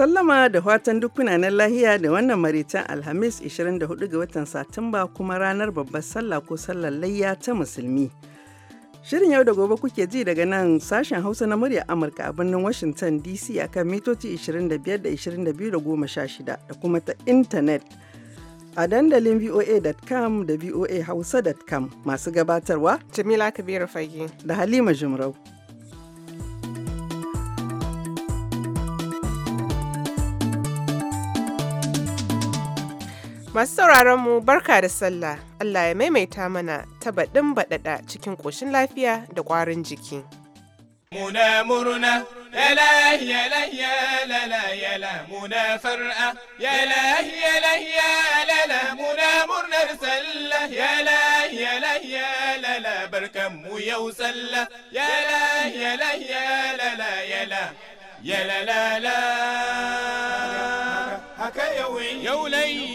sallama da fatan dukkanin lahiya da wannan maritan Alhamis 24 ga watan Satumba kuma ranar babbar sallah ko sallar layya ta musulmi. Shirin yau da gobe kuke ji daga nan sashen Hausa na murya Amurka a birnin Washington DC akan mitoci 25 da 22 da 16 da kuma ta intanet a dandalin voa.com da voahausa.com masu gabatarwa Jamila Kabiru Fage da Halima Jumrau. Masu sauraron mu barka da sallah, Allah ya maimaita mana ta baɗin baɗaɗa cikin ƙoshin lafiya da ƙwarin jiki. Muna murna, yala yala yala yala muna far'a, yala yala yala muna murnar sallah, yala yala yala barkan mu yau sallah, yala yala yala yala yala la la. yau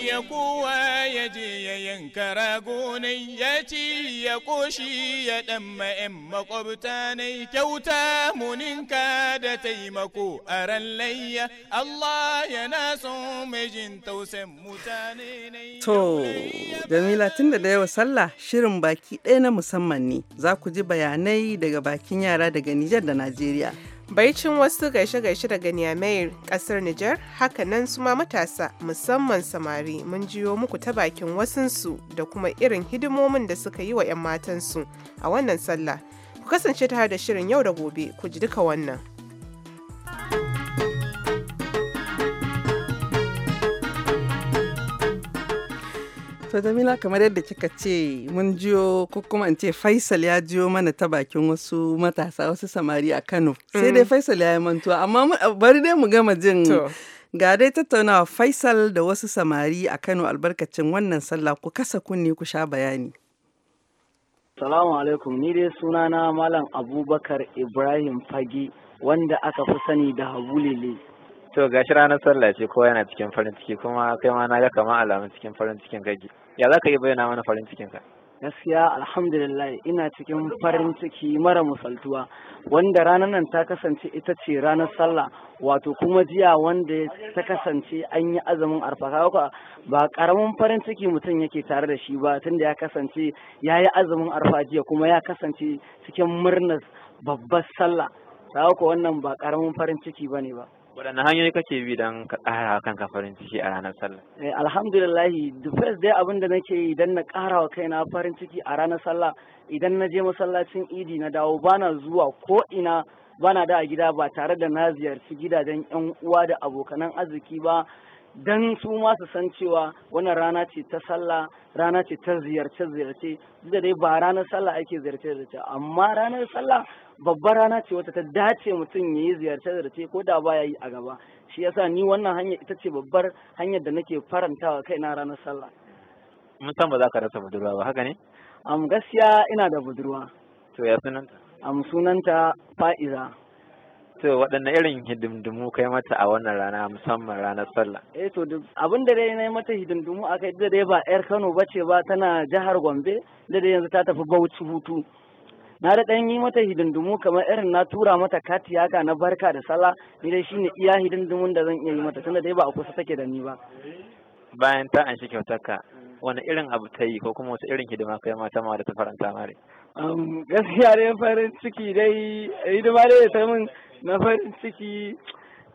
ya kowa ya je ya yanka ragonai ya ci ya koshi ya ɗan ma'yan makwabta ne kyauta muninka da taimako a ran layya Allah ya son jin tausan mutane To, Jamila tun da yawa sallah shirin baki ɗaya na musamman ne za ku ji bayanai daga bakin yara daga Nijar da Najeriya. Baicin wasu gaishe-gaishe daga Niamey kasar Nijar, hakanan su ma matasa musamman samari mun jiyo muku ta bakin wasunsu da kuma irin hidimomin da suka yi wa 'yan matansu a wannan sallah. Ku kasance tare da shirin yau da gobe ku ji duka wannan. To Jamila kamar yadda kika ce mun jiyo ko kuma in ce Faisal ya jiyo mana ta bakin wasu matasa wasu samari a Kano. Sai dai mm. Faisal ya yi mantuwa amma bari dai mu gama jin ga dai tattaunawa Faisal da wasu samari a Kano albarkacin wannan sallah ku kasa kunne ku sha bayani. Salamu alaikum ni dai sunana Malam Abubakar Ibrahim Fagi wanda aka fi sani da Habulile. to gashi ranar sallah ce kowa yana cikin farin ciki kuma kai ma na ga kamar alamun cikin farin cikin gaji. ya za ka yi bayyana mana farin cikinka gaskiya alhamdulillah ina cikin farin ciki mara musaltuwa wanda ranar nan ta kasance ita ce ranar sallah wato kuma jiya wanda ta kasance an yi azumin arfa ba karamin farin ciki mutum yake tare da shi ba tunda ya kasance ya yi azumin arfa jiya kuma ya kasance cikin murnar babbar sallah ta wannan ba karamin farin ciki ba ne ba waɗanne hanyoyi kake bi don ka ƙara wa kanka farin ciki a ranar sallah eh alhamdulillahi the first day abin da nake yi idan na ƙara wa kaina farin ciki a ranar sallah idan na je masallacin idi na dawo bana zuwa ko ina bana da a gida ba tare da na ziyarci gidajen yan uwa da abokanan arziki ba dan su ma san cewa wannan rana ce ta sallah rana ce ta ziyarce ziyarce duk dai ba ranar sallah ake ziyarce ziyarce amma ranar sallah babbar rana ce wata ta dace mutum ya yi ziyarce-ziyarce ko da baya yi a gaba shi yasa ni wannan hanya ita ce babbar hanyar da nake farantawa kaina ranar sallah mun san ba za ka rasa budurwa ba haka ne am gaskiya ina da budurwa to ya sunanta am sunanta fa'iza to waɗanne irin hidindimu kai mata a wannan rana musamman ranar sallah eh to abin da dai nayi mata hidindimu akai da dai ba yar Kano bace ba tana jihar Gombe da dai yanzu ta tafi Bauchi hutu na da ɗan yi mata hidindimu kamar irin na tura mata kati haka na barka da Sala, ni dai shine iya hidindimun da zan iya yi mata tunda dai ba a kusa take da ni ba bayan ta an shi kyautarka wani irin abu ta yi ko kuma wasu irin hidima kai mata ma da ta faranta mare gaskiya dai farin ciki dai hidima dai ta min na farin ciki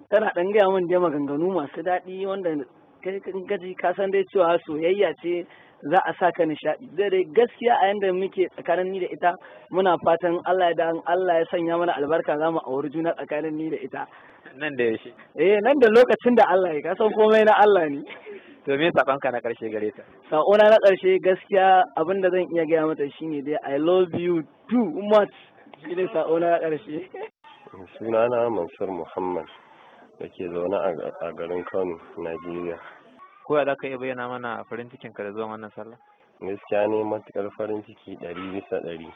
tana ɗan gaya min dai maganganu masu daɗi wanda kai gaji ka san dai cewa soyayya ce za a sa ka nishaɗi dare gaskiya a yadda muke tsakanin ni da ita muna fatan Allah ya dan Allah ya sanya mana albarka za mu auri juna tsakanin ni da ita nan da yaushe eh nan da lokacin da Allah ya kasan komai na Allah ne to me sakonka na karshe gare ta sakona na karshe gaskiya abin da zan iya gaya mata shine dai I love you too much shine sakona na karshe sunana Mansur Muhammad da ke zaune a garin Kano Najeriya ko za ka iya bayyana mana farin cikin ka da zuwa wannan sallah gaskiya ne matukar farin ciki ɗari bisa ɗari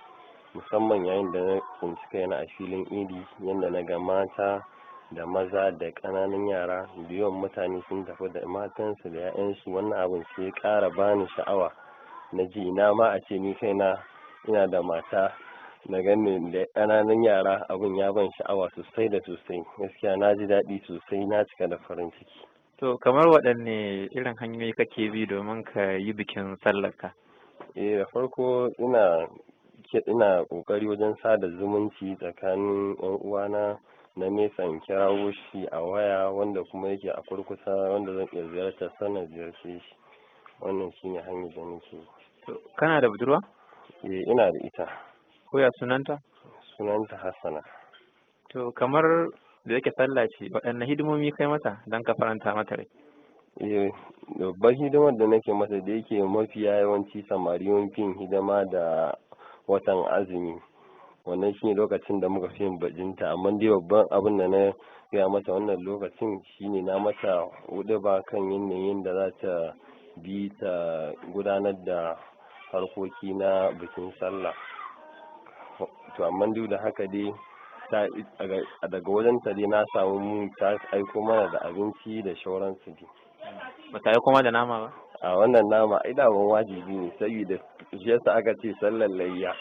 musamman yayin da na tsinci kaina a filin idi yadda na ga mata da maza da ƙananan yara yawan mutane sun tafi da matansu da 'ya'yansu wannan abin sai kara bani sha'awa na ji ina ma a ce ni kaina ina da mata na gani da ƙananan yara abin ya ban sha'awa sosai da sosai gaskiya na ji daɗi sosai na cika da farin ciki To kamar waɗanne irin hanyoyi kake bi domin ka yi bikin sallarka? Eh da farko ina ina ƙoƙari wajen sada zumunci tsakanin 'yan uwana na nesa in kirawo shi a waya wanda kuma yake a kurkusa wanda zan iya ziyarta sannan ziyarce shi wannan shine hanyar da nake To kana da budurwa? Eh ina da ita. Ko ya sunanta? Sunanta Hassana. To kamar da yake sallah ce waɗanne hidimomi kai mata don ka faranta mata rai eh, babban hidimar da nake mata da yake mafiya yawanci samari yankin hidima da watan azumi wannan shine lokacin da muka fi bajinta amma dai babban abin da na gaya mata wannan lokacin shine na mata hudu ba kan yanayin da za ta bi ta gudanar da harkoki na bikin sallah to amma duk da haka dai daga wajen ta dai na samu mu ta aiko mana da abinci da shauran su dai ba ta kuma da nama ba a wannan nama ina ban wajibi ne sai da shi yasa aka ce sallar layya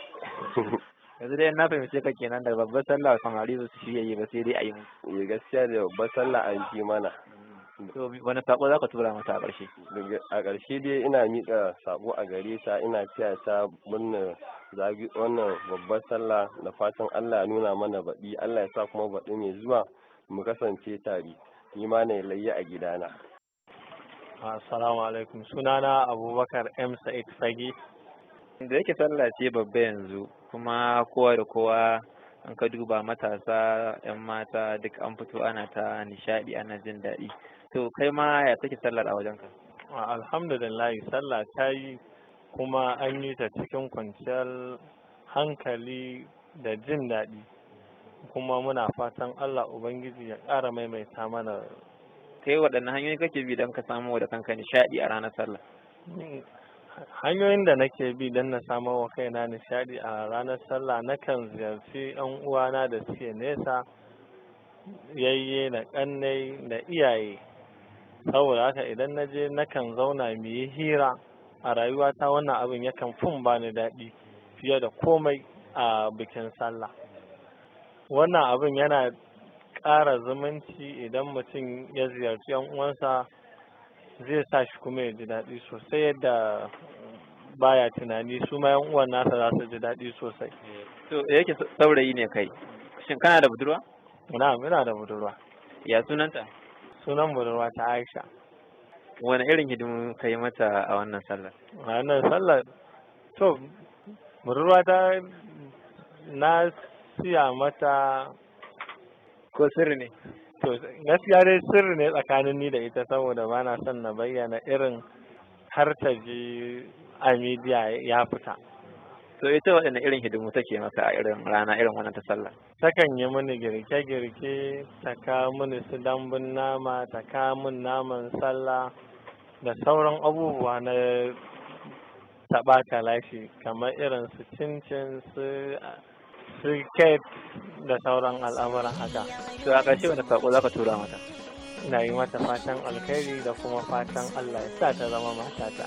yanzu dai na fahimce ka kenan da babbar sallah samari su shirya yi ba sai dai a yi mu eh, gaskiya da babbar sallah an fi mana wani sako za ka tura mata a ƙarshe a ƙarshe dai ina miƙa sako a gare ta ina taya ta murna zagi wannan babbar sallah da fatan Allah ya nuna mana baɗi Allah ya sa kuma baɗi mai zuwa mu kasance tare ni ma na layya a gidana assalamu alaikum sunana abubakar m sa'id sagi da yake sallah ce babba yanzu kuma kowa da kowa an ka duba matasa 'yan mata duk an fito ana ta nishaɗi ana jin daɗi to kai ma ya take sallar a wajenka alhamdulillah sallah ta yi kuma an yi ta cikin kwanciyar hankali da jin daɗi kuma muna fatan Allah Ubangiji ya ƙara maimaita mana kai waɗanne hanyoyi kake bi don ka samu da kanka nishaɗi a ranar sallah hanyoyin da nake bi don na samu wa kaina nishaɗi a ranar sallah kan ziyarci yan uwana da suke nesa yayye na ƙannai da iyaye saboda haka idan na je nakan zauna mu yi hira a rayuwata wannan abin yakan ba ni daɗi fiye da komai a bikin sallah wannan abin yana ƙara zumunci idan mutum ya ziyarci yan uwansa zai sa shi kuma ya ji daɗi sosai yadda baya tunani su ma yan uwan nasa za su ji daɗi sosai to yake saurayi ne kai shin kana da budurwa Na, ina da budurwa ya sunanta sunan budurwa ta aisha wani irin hidimu ka yi mata a wannan sallar a wannan sallar to budurwa ta na siya mata ko sirri ne to gaskiya dai sirri ne tsakanin ni da ita saboda ba na son na bayyana irin har ta ji a midiya ya fita to ita waɗanne irin hidimu take masa a irin rana irin wannan ta sallah takan yi mini girke-girke ta ka mini su dambun nama ta ka mini naman sallah da sauran abubuwa na taɓa kalashi kamar irin su cincin su cricket da sauran al'amuran haka to a ƙarshe wani saƙo za ka tura mata ina yi mata fatan alkhairi da kuma fatan allah ya sa ta zama matata.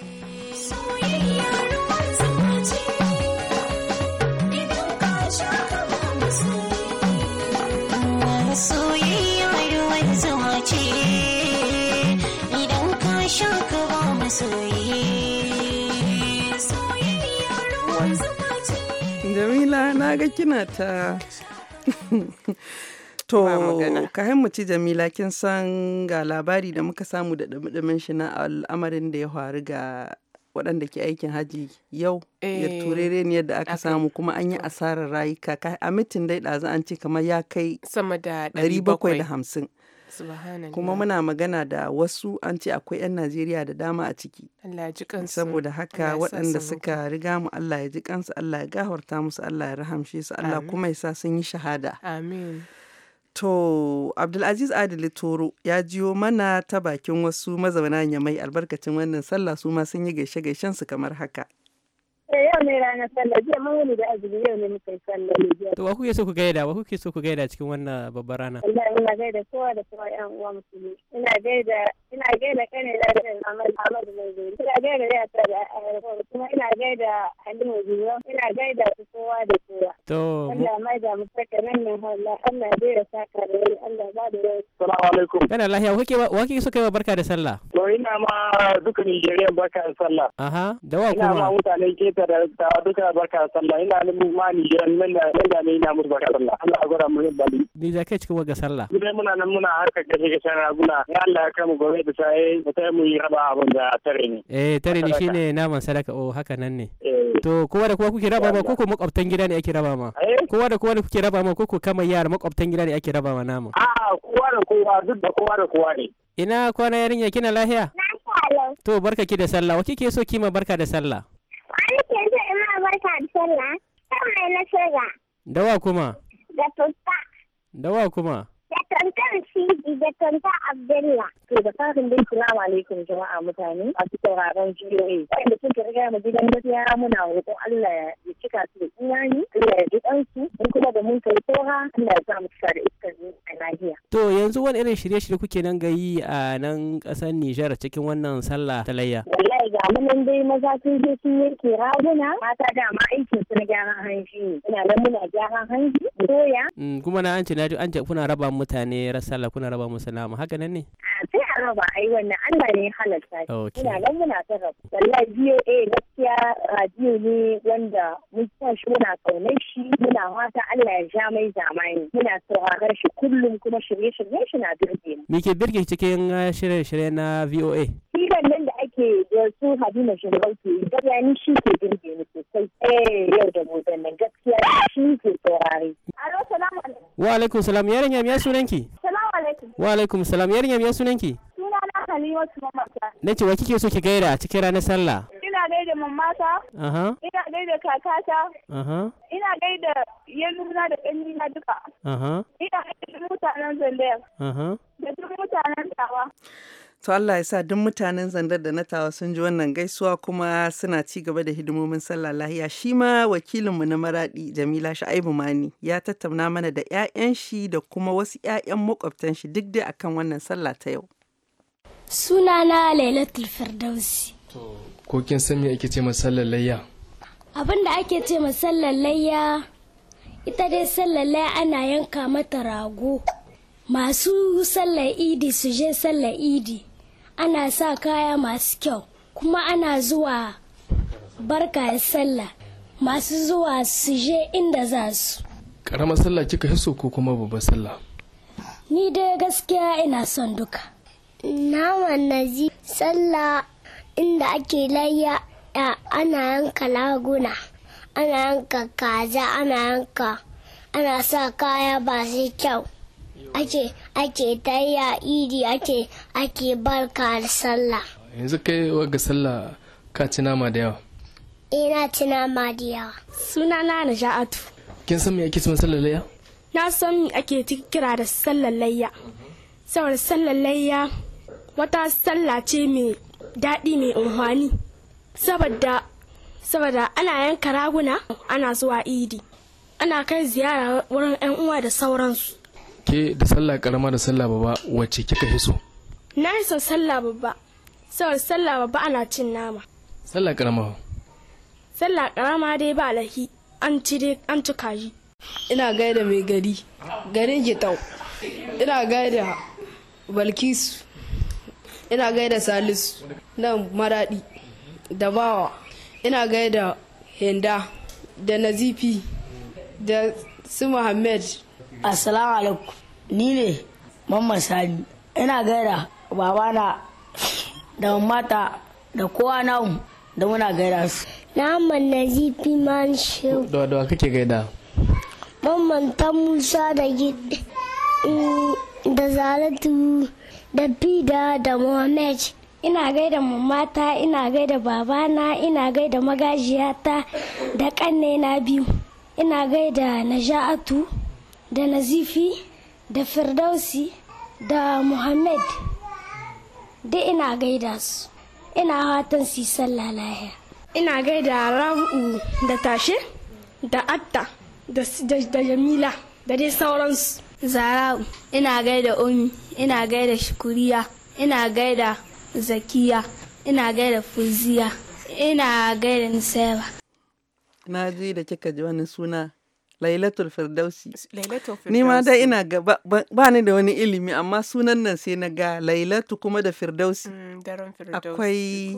na ga kina ta To, ka mu Jamila kin san ga labari da muka samu da ɗumi shi na al'amarin da ya faru ga waɗanda ke aikin haji yau ya eh, turere ne yadda aka samu kuma an yi asarar rayuka a mitin dai ɗazu an ce kamar ya kai sama da 750 kuma muna magana da wasu an ce akwai 'yan najeriya da dama a ciki saboda haka waɗanda suka riga mu allah ya ji kansu allah ya gafarta musu allah ya rahamshe su allah kuma ya sa sun yi shahada amin To, Abdulaziz Adili Toro ya jiyo mana ta bakin wasu mazauna yamai albarkacin wannan sallah su ma sun yi gaishe-gaishen su kamar haka. Eh, yau ne ranar sallah jiya mun wuni da azumi yau ne muka yi sallah jiya. To wa kuke so ku gaida wa kuke so ku gaida cikin wannan babbar rana? Wallahi ina gaida kowa da kowa ƴan uwa musulmi. Ina gaida ina gaida kane lafiyar Ahmad Ahmad Mazuri ina gaida da ta da kuma ina gaida Halima Jiyo ina gaida su kowa da kowa to Allah mai da mutaka nan ne Allah Allah zai ya saka da Allah ba da wani. Salamu alaikum kana lahiya, wa kike suka yi barka da sallah to ina ma duka Nigeria barka da sallah aha da wa kuma ina ma mutanen keta da duka barka sallah ina ma Nigeria nan ina musu barka da sallah Allah gwada bali ni cikin wa sallah muna muna harkar raguna ya Allah ya bisaye eh, mu yi raba abin da tare ne eh tare ne shine naman sadaka oh haka nan ne eh. to kowa da kowa kuke raba ma koko makwabtan gida ne ake raba ma eh? kowa da kowa da kuke raba ma koko kama yara makwabtan gida ne ake raba ma naman a'a ah, kowa da kowa duk da kowa da kowa ne ina kwana yarinya kina lahiya to barka ki da sallah wa ke so kima barka da sallah wani ke so ina barka da sallah kawai na shiga dawa kuma da tuffa dawa kuma da tantar Sidi da tanta Abdullah. To da farin dai salamu alaikum jama'a mutane a su sauraron GOA. Wanda suka riga mu gidan gaskiya muna roƙon Allah ya cika su da imani, Allah ya ji ɗansu, in kuma da mun kai tsoha, Allah ya sa mu cika da lahiya. To yanzu wani irin shirye-shirye kuke nan gayi a nan ƙasar Nijar cikin wannan sallah ta layya? Wallahi ga mu nan dai maza sun je sun yanke raguna mata dama aikin su na gyaran hanji Muna nan muna gyaran hanji doya. Mm, kuma na an ce na ji an ce kuna raba mutane sallah kuna raba musu nama haka nan ne? a ba ai wannan Allah ne halatta shi ina nan muna ta rabu wallahi VOA gaskiya radio uh, ne wanda mun san shi muna kaunar shi muna fata Allah ya ja mai zamani muna sauraron shi kullum kuma shirye shirye shi na birge mu me ke birge cikin uh, shirye-shirye na VOA Kiran nan da ake da su Halima Shirautu gaskiya ni shi ke birge ni sosai eh yau da gobe nan gaskiya shi ke saurare Alo salamu alaikum Wa alaikum salam yarinya me sunanki Salamu alaikum Wa alaikum salam yarinya me sunanki wasu Mamata. Na ce wa kike so ki gaida a cikin ranar sallah? Ina gaida mamata. Ina gaida kakata. Ina gaida yannuna da ƙannina duka. Ina gaida mutanen Zandayar. Da duk mutanen Tawa. To Allah ya sa duk mutanen zandar da na tawa sun ji wannan gaisuwa kuma suna ci gaba da hidimomin sallah lahiya shi ma wakilinmu na maradi Jamila Sha'ibu Mani ya tattauna mana da 'ya'yan shi da kuma wasu 'ya'yan makwabtan shi duk dai akan wannan sallah ta yau. sunana lailatul firdausi ko kin san me ake ce sallar layya abin da ake ce sallar layya ita dai sallar layya ana yanka mata rago masu sallar idi su je sallar idi ana sa kaya masu kyau kuma ana zuwa barka sallah masu zuwa su je inda za su ƙaramar sallah kika hiso ko kuma babbar sallah ni dai gaskiya ina son duka naman nazi sallah inda ake layya ana yanka laguna ana yanka kaza ana yanka ana sa kaya ba su kyau ake ake tayya idi ake ake barka da sallah yanzu kai ga sallah ka ci nama da yawa ina eh, ci nama da yawa suna na na sha'atu kin san me ake cin sallar layya na san me ake kira da sallar layya saboda sallar layya wata sallah ce mai daɗi mai unhwani saboda saboda ana yanka raguna ana zuwa idi ana kai ziyara wurin 'yan uwa da sauransu ke da sallah karama da sallah babba wacce kika hiso na yi son sallah babba saboda sallah babba ana cin nama sallah karama sallah karama dai ba lahi an ci dai an ci kaji ina gaida mai gari garin gitau ina gaida balkisu ina gaida salis na maradi da bawa ina gaida henda da nazifi da su muhammed assalamu alaikum ni ne mamman sani ina gaida babana da mata da kowa namu da muna gaida su na nazifi man shehu da wadda kake gaida mamman ta musa da gidi da zalatu da bida da mohamed ina gaida mamata ina gaida babana ina gaida magajiyata da kanne na biyu ina gaida naja'atu da nazifi da firdausi da mohamed duk ina gaida su ina hatan su sallah lahiya ina gaida rabu da tashe da atta da jamila da dai sauransu zara'u ina gaida omi ina gaida shukuriya ina gaida zakiya ina gaida fuziya ina gaida nisaiwa na ji da kika ji wani suna lailatul firdausi ni ma dai ina ga ba ni da wani ilimi amma sunan nan sai na ga lailatu kuma da firdausi mm, akwai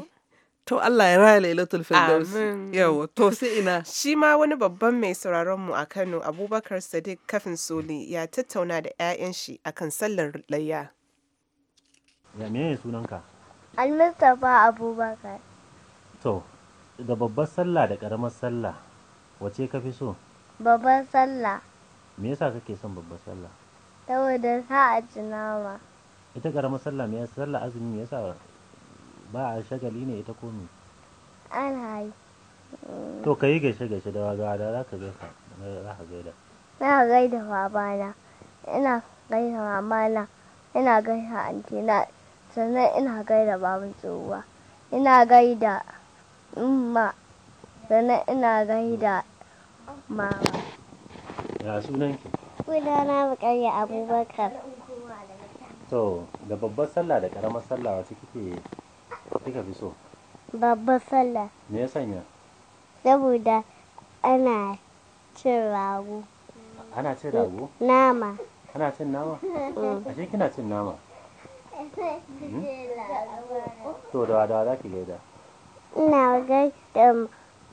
To Allah ya raya Lailatul Firdaus. Yawa, to sai ina. Shi ma wani babban mai sauraron mu a Kano, Abubakar Sadiq Kafin Soli ya tattauna da 'ya'yan shi akan sallar layya. Ya me sunanka? al mustapha Abubakar. To, da babbar sallah da karamar sallah, wace ka fi so? Babbar sallah. Me yasa kake son babbar sallah? Saboda sa'a ci nama. Ita karamar sallah me yasa sallah azumi me yasa ba a shagali ne ita komi an hayi to ka yi gaishe gaishe da wagawa za ka ka za ka gaida ina gaida babana ina gaida mamana ina gaida antina sannan ina gaida babin tsohuwa ina gaida umma sannan ina gaida mama ya sunan sunanki sunana bukari abubakar to da babbar sallah da karamar sallah wasu kike kika fi so babbar sallah me ya sanya saboda ana cin rago ana cin rago nama ana cin nama ce mm. kina cin nama to da wada za ki gaida ina gaida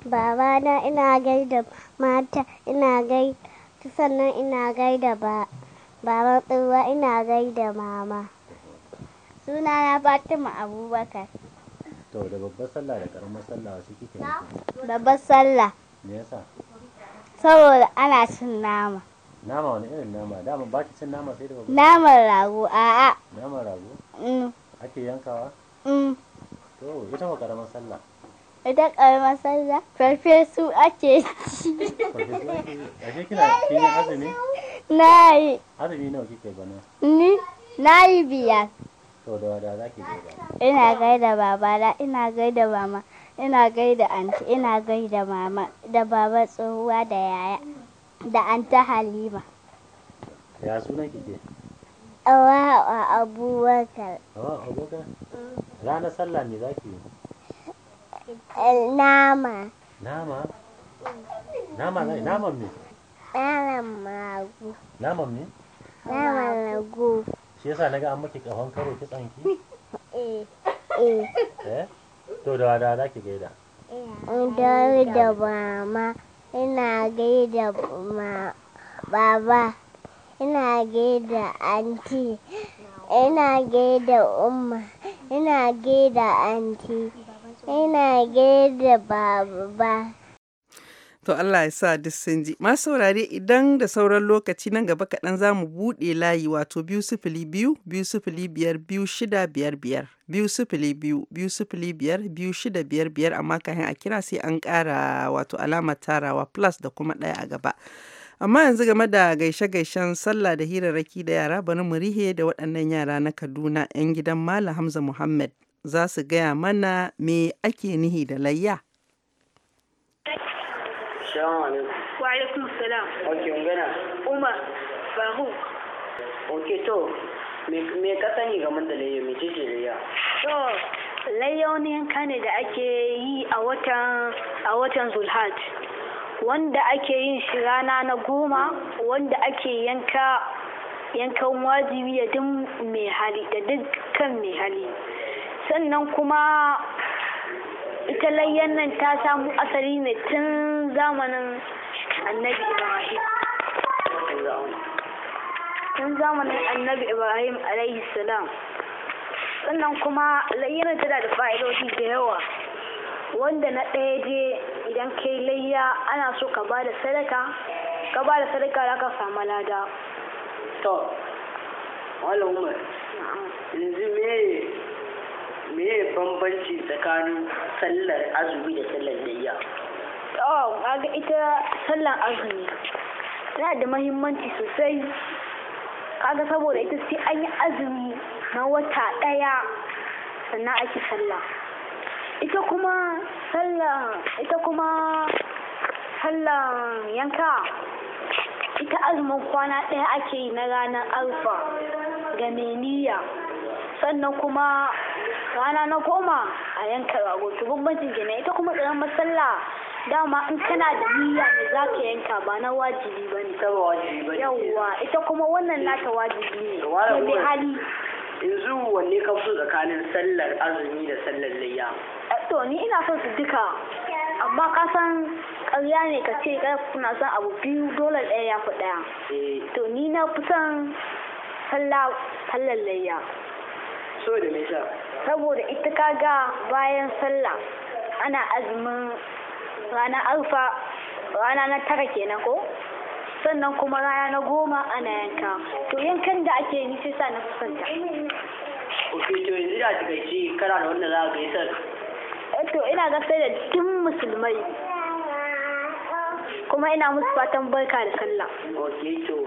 babana ina gaida mata ina gaida sannan ina gaida ba baban tsuwa ina gaida mama suna na fatima abubakar to da babbar sallah da karamar sallah wasu kike yi babbar sallah me yasa saboda ana cin nama nama wani irin nama dama ba ki cin nama sai da babbar naman rago a'a naman rago mm. ake yankawa mm. to ita ma karamar sallah ita karamar sallah farfesu ake ci farfesu ake yi ake kina kin yi azumi na yi azumi nawa kike bana ni na yi biyar To da za ki gaida. Ina gaida babana, ina gaida mama, ina gaida anti, ina gaida mama, da baba tsohuwa da yaya, da anta Halima. Ya sunan kike? Awa Abubakar. Awa Abubakar? Ranar sallah ne, za ki yi? Eh, nama. Nama? Nama zai, Nama ne? Naman mago. Naman ne? Naman mago. shi yasa naga an maki kafan karo ki tsanki eh eh to da da za ki gaida an dawo da mama ina gaida ma baba ina gaida anti ina gaida umma ina gaida anti ina gaida baba To Allah ya sa duk sun ji. Masu saurare idan da sauran lokaci nan gaba kaɗan za mu buɗe layi wato biyu sifili biyu, biyu sifili biyar, biyu shida biyar biyar, biyu sifili biyu, biyu sifili biyar, biyu shida biyar biyar amma kayan a kira sai an ƙara wato alamar tarawa plus da kuma ɗaya a gaba. amma yanzu game da gaishe-gaishen sallah da hirarraki da yara bari mu rihe da waɗannan yara na kaduna 'yan gidan malam hamza muhammad za su gaya mana me ake nihi da layya Assalamu alaikum. me ka sani game da me ce To, yanka ne da ake yi a watan a Wanda ake yin shi rana na goma, wanda ake yanka yankan wajibi da duk mai hali da dukkan mai hali. Sannan kuma ita layyan nan ta samu asali ne tun zamanin annabi ibrahim tun zamanin annabi ibrahim alayhi salam sannan kuma layyan tana da fa'idoji da yawa wanda na ɗaya je idan kai layya ana so ka ba da sadaka ka ba da sadaka za ka samu lada to wala umar yanzu me meye bambanci tsakanin sallar azumi da sallar layya oh ga ita sallar azumi tana da mahimmanci sosai kaga saboda ita sai an yi azumi na wata ɗaya sannan ake sallah ita kuma sallah ita kuma sallah yanka ita azumin kwana ɗaya ake yi na ranar alfa ga meniya sannan kuma rana na koma a yanka rago to bambancin kenan ita kuma karamar masalla dama in kana da niyya ne za ka yanka ba na wajibi ba ne yawwa ita kuma wannan nata wajibi ne sai dai hali yanzu wanne ka fi tsakanin sallar azumi da sallar layya eh, to ni ina son su duka amma ka san ƙarya ne ka ce kuna son abu biyu dole ɗaya ya fi ɗaya eh. to ni na fi son sallar layya saboda me sa saboda ita kaga bayan sallah ana azumin rana alfa rana na tara kenan ko sannan kuma rana na goma ana yanka to yankan da ake yi sai sa na kusanta ok to yanzu da takaici kana da wannan za ka yi sar eh, to ina sai da tun musulmai kuma ina musu fatan barka da sallah ok to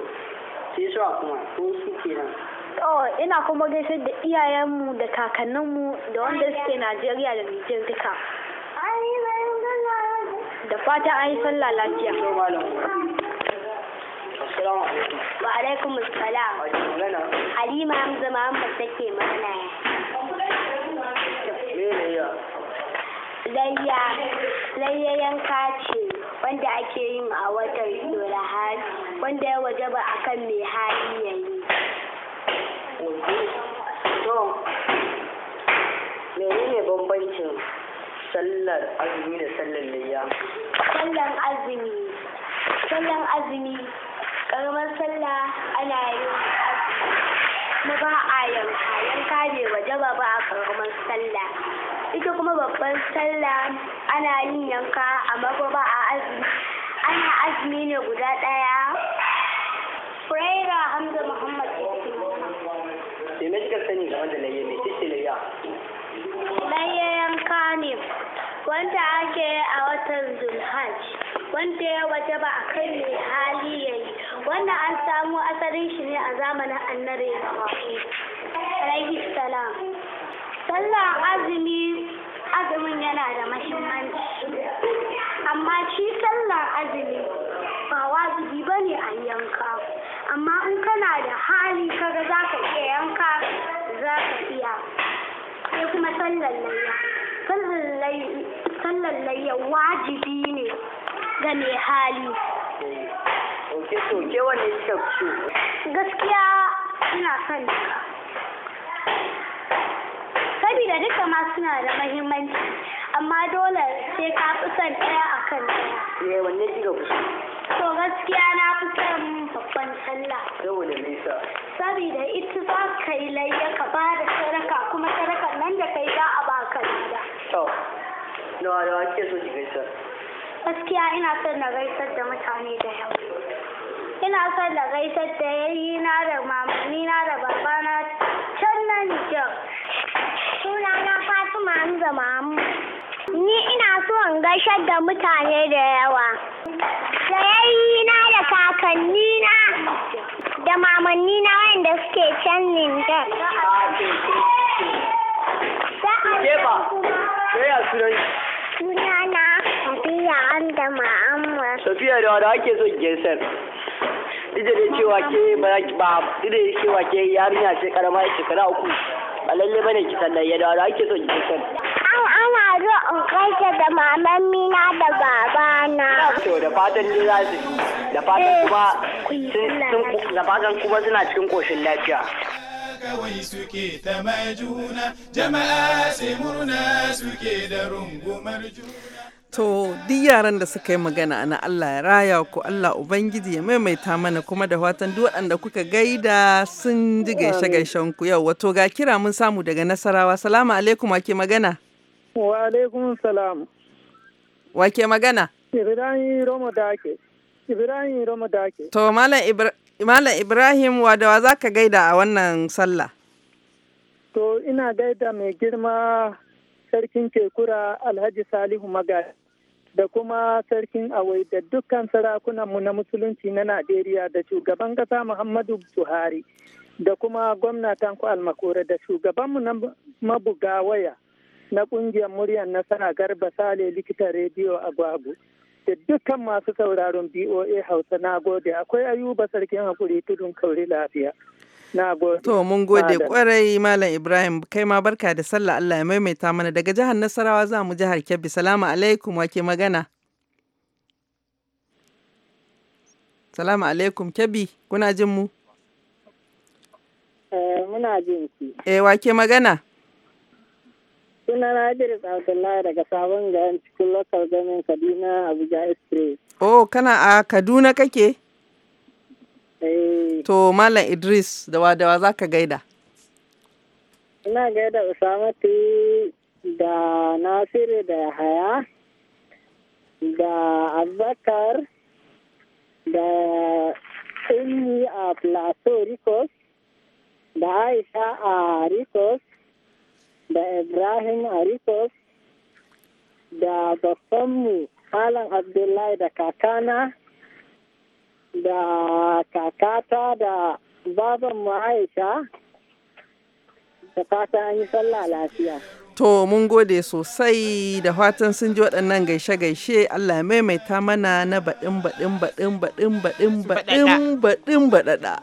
sai su kuma ko su kenan oh ina kuma gaishe da iyayenmu da kakanninmu da wanda suke Najeriya da Nijar duka. Da fata an yi sallah lafiya. Wa alaikum salam. Halima Hamza Muhammad take magana ya. Layya, layya yanka ce wanda ake yin a watan Zulhaji wanda ya wajaba akan mai hali yayi. sallar azumi da sallar layya sallar azumi sallar azumi karamar sallah ana yin kuma ba a yanka yanka ne waje ba ba a karamar sallah ita kuma babban sallah ana yin yanka amma ko ba a azumi ana azumi ne guda ɗaya Furaira Hamza Muhammad Yasmin. Eh, me kika sani game da layya? wanda ake a watan zulhaj wanda ya waje ba a kan mai hali yayi wanda an samu asalin shi ne a zamanin annabi alaihi salam sallar azumi azumin yana da mahimmanci amma shi sallar azumi ba wajibi ba ne a yanka amma in kana da hali kaga za ka iya yanka za ka iya sai kuma sallar layya sallar layya sallar layyan wajibi ne ga mai hali ok so ke wanne gaskiya ina son duka Sabida duka ma suna da mahimmanci amma dole sai ka fi son ɗaya akan ɗaya eh wanne kika fi so to gaskiya na fi son babban sallah saboda nisa saboda ita za ka yi layya ka ba da sadaka kuma sadakar nan da kai za a baka lada to Nawa da wake Gaskiya ina son na gaisar da mutane da yawa. Ina son na gaisar da yayi na da mamani da babana can nan Suna na Fatima Hamza Muhammad. Ni ina so in gaisar da mutane da yawa. Da yayi na da kakanni da mamanni wanda suke can Nijar. sunana Safiya da ma'amma. Safiya da wada ake son gesar. Ida da cewa ke ba ida cewa ke yarinya ce karama shekara uku. Ba lalle bane ki sallar ya da ake son gesar. An ana zo in kai da maman mina da babana. To da fatan ne za su da fatan eh, kuma sun da fatan kuma suna cikin koshin lafiya. kawai suke ta majuna jama'a sai murna suke da rungumar juna To, duk yaran da suka yi magana ana Allah ya raya ku Allah Ubangiji ya maimaita mana kuma da watan duk waɗanda kuka gaida sun ji gaishe-gaishen ku yau. Wato ga kira mun samu daga Nasarawa. Salamu alaikum wake magana. Wa alaikum salam. Wake magana? Ibrahim Roma Dake. Ibrahim Roma Dake. To, Malam Malam Ibrahim wadawa za ka gaida a wannan sallah? To ina gaida mai girma sarkin kekura Alhaji Salihu Magari da kuma sarkin awai da dukkan sarakunanmu na musulunci na Najeriya da shugaban ƙasa Muhammadu Buhari da kuma gwamnatan ku almakore da shugabanmu na mabuga waya na ƙungiyar muryar nasara garba sale likitan rediyo agwagu. da dukkan masu sauraron BOA Hausa na gode akwai Ayuba sarkin hakuri tudun kauri lafiya. Na gode. To mun gode kwarai Malam Ibrahim kai ma barka da sallah Allah ya maimaita mana daga jihar Nasarawa za mu jihar Kebbi. Salamu alaikum wake magana. Salamu alaikum Kebbi kuna jin mu? Eh muna jin ki. Eh wake magana? suna na Idris Abdullahi daga sabon garin cikin local government Kaduna Abuja Express. Oh, kana a Kaduna kake? Eh. To Malam Idris da wa wa za ka gaida. Ina gaida Usamati da Nasiru da Yahaya, da Abubakar da Ummi a Plateau Ricos da Aisha a Ricos da ibrahim arikos da babbanmu halan abdullahi da kakana da kakata da baban aisha da fata an yi sallah lafiya To mun gode sosai da fatan sun ji waɗannan gaishe-gaishe Allah maimaita mana na baɗin baɗin baɗin baɗin baɗin baɗin baɗin baɗaɗa.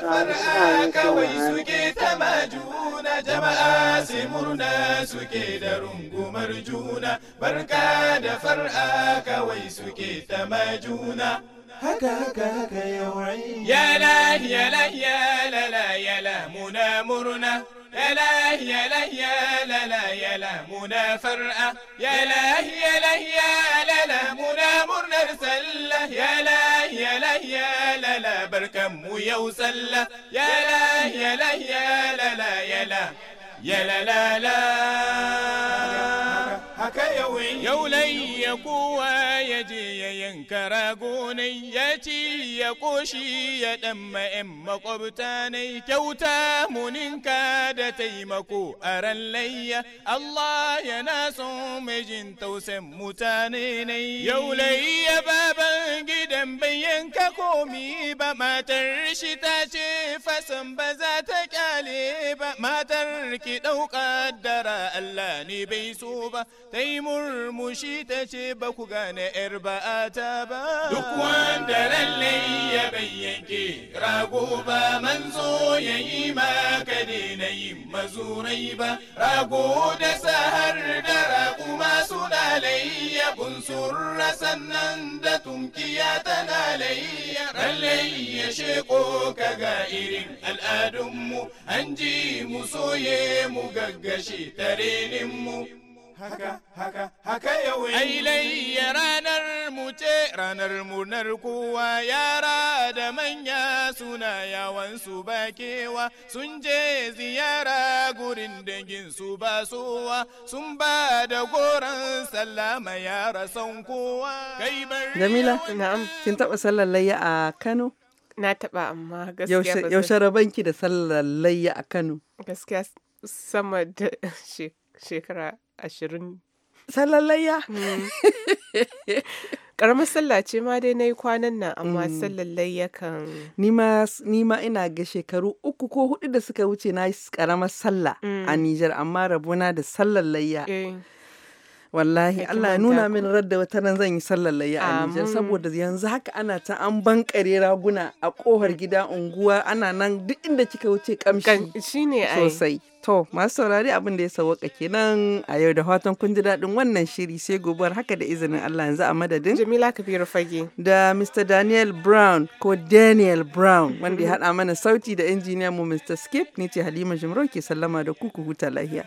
Far'a kawai suke tama juna jama'a sai murna suke da rungumar juna barka da far'a kawai suke tama juna. haka haka haka Ya la ya la ya la la muna murna. يا له يا له يا لا لا يا لا منا فرقة يا له يا له يا لا لا منا مرنا رسالة يا له يا له يا لا لا بركم ويا وسلة يا له يا له يا لا لا يا لا يا لا لا لا haka ya kowa ya je ya yanka ragonai ya ci ya ƙoshi ya ɗan ma'in makwabta ne kyauta muninka da taimako a ran layya Allah yana son mijin tausan mutane ne yau ya baban gidan bai yanka komi ba matar shi ta ce fasan ba za ta kyale ba matar ki ɗauka dara Allah ne bai so ba ta Ai murmushi ta ce ba ku gane ‘yar ba'ata ba. Duk wanda lallai ya bayyanke rago ba manzo ya yi maka ne na yi mazurai ba. Rago da sahar da rago masu layya bunsurra sannan da tunkiya tana layya. Lallai ya sheko ka ga irin al'adunmu an ji mu soye mu gaggashe tareninmu. haka haka haka yau ailai ranar mu ce ranar munar kowa yara da manya suna yawan su bakewa sun je ziyara gurin dangin su ba suwa sun ba da goron sallama yara son kowa kai bari Jamila na'am kin taba sallar layya a Kano na taba amma gaskiya ba yaushe rabanki da sallar layya a Kano gaskiya sama da shekara ashirin salallayya karamar mm. sallah ce ma dai na yi kwanan nan amma mm. sallallayya kan ni ma ina ga shekaru uku ko hudu da suka wuce na yi karamar sallah a mm. Nijar amma rabona da sallallayya eh. wallahi Allah ya nuna min radda wata ran zan yi sallar layya a Nijar saboda yanzu haka ana ta an bankare raguna a kohar gida unguwa ana nan duk inda kika wuce kamshi shine sosai to masu saurari abin da ya sawaka kenan a yau da fatan kun ji daɗin wannan shiri sai gobar haka da izinin Allah yanzu a madadin Jamila Kabiru Fage da Mr Daniel Brown ko Daniel Brown wanda ya mm-hmm. haɗa mana sauti da injiniyan mu Mr Skip ni ce Halima Jumro ke sallama da ku ku huta lahiya